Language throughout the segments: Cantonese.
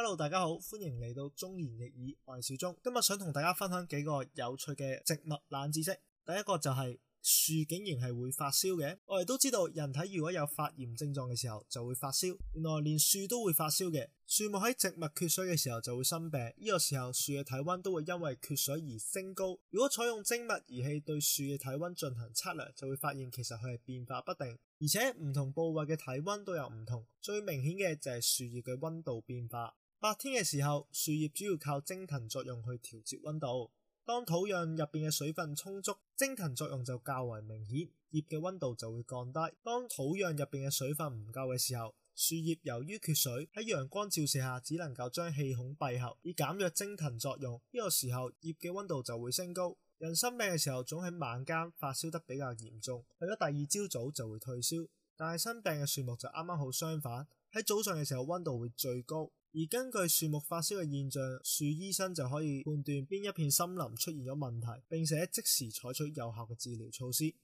hello，大家好，歡迎嚟到中言譯耳。我係小鍾，今日想同大家分享幾個有趣嘅植物冷知識。第一個就係、是、樹竟然係會發燒嘅。我哋都知道，人體如果有發炎症狀嘅時候就會發燒，原來連樹都會發燒嘅。樹木喺植物缺水嘅時候就會生病，呢、這個時候樹嘅體溫都會因為缺水而升高。如果採用精密儀器對樹嘅體溫進行測量，就會發現其實佢係變化不定，而且唔同部位嘅體溫都有唔同。最明顯嘅就係樹葉嘅溫度變化。白天嘅時候，樹葉主要靠蒸騰作用去調節溫度。當土壤入邊嘅水分充足，蒸騰作用就較為明顯，葉嘅溫度就會降低。當土壤入邊嘅水分唔夠嘅時候，樹葉由於缺水喺陽光照射下，只能夠將氣孔閉合，以減弱蒸騰作用。呢個時候葉嘅溫度就會升高。人生病嘅時候總喺晚間發燒得比較嚴重，去咗第二朝早就會退燒。但係生病嘅樹木就啱啱好相反，喺早上嘅時候溫度會最高。而根據樹木發燒嘅現象，樹醫生就可以判斷邊一片森林出現咗問題，並且即時採取有效嘅治療措施。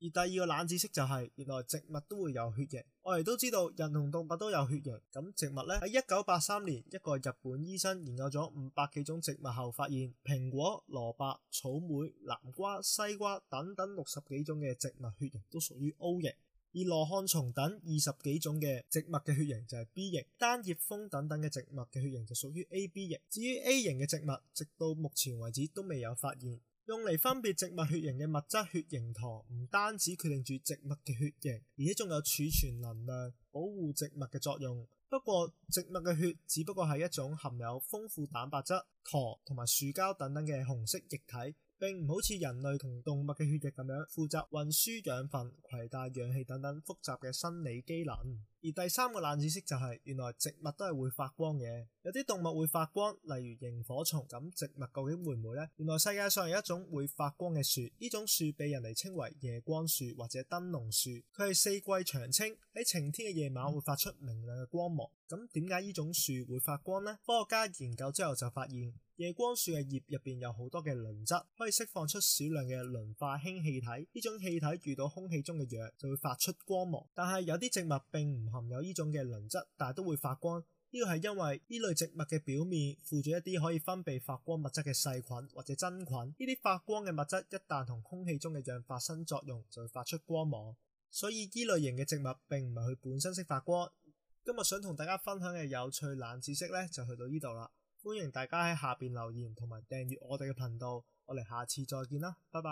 而第二個冷知識就係，原來植物都會有血液。我哋都知道人同動物都有血液，咁植物呢，喺一九八三年，一個日本醫生研究咗五百幾種植物後，發現蘋果、蘿蔔、草莓、南瓜、西瓜等等六十幾種嘅植物血液都屬於 O 型。而羅漢松等二十幾種嘅植物嘅血型就係 B 型，單葉楓等等嘅植物嘅血型就屬於 AB 型。至於 A 型嘅植物，直到目前為止都未有發現。用嚟分別植物血型嘅物質血型糖唔單止決定住植物嘅血型，而且仲有儲存能量、保護植物嘅作用。不過植物嘅血只不過係一種含有豐富蛋白質、糖同埋樹膠等等嘅紅色液體。並唔好似人類同動物嘅血液咁樣，負責運輸養分、攜帶氧氣等等複雜嘅生理機能。而第三個冷知識就係，原來植物都係會發光嘅。有啲動物會發光，例如螢火蟲。咁植物究竟會唔會呢？原來世界上有一種會發光嘅樹，呢種樹被人哋稱為夜光樹或者燈籠樹。佢係四季長青，喺晴天嘅夜晚會發出明亮嘅光芒。咁點解呢種樹會發光呢？科學家研究之後就發現。夜光樹嘅葉入邊有好多嘅磷質，可以釋放出少量嘅磷化氫氣體。呢種氣體遇到空氣中嘅氧，就會發出光芒。但係有啲植物並唔含有呢種嘅磷質，但係都會發光。呢個係因為呢類植物嘅表面附著一啲可以分泌發光物質嘅細菌或者真菌。呢啲發光嘅物質一旦同空氣中嘅氧發生作用，就會發出光芒。所以呢類型嘅植物並唔係佢本身識發光。今日想同大家分享嘅有趣冷知識呢，就去到呢度啦。歡迎大家喺下邊留言同埋訂閱我哋嘅頻道，我哋下次再見啦，拜拜。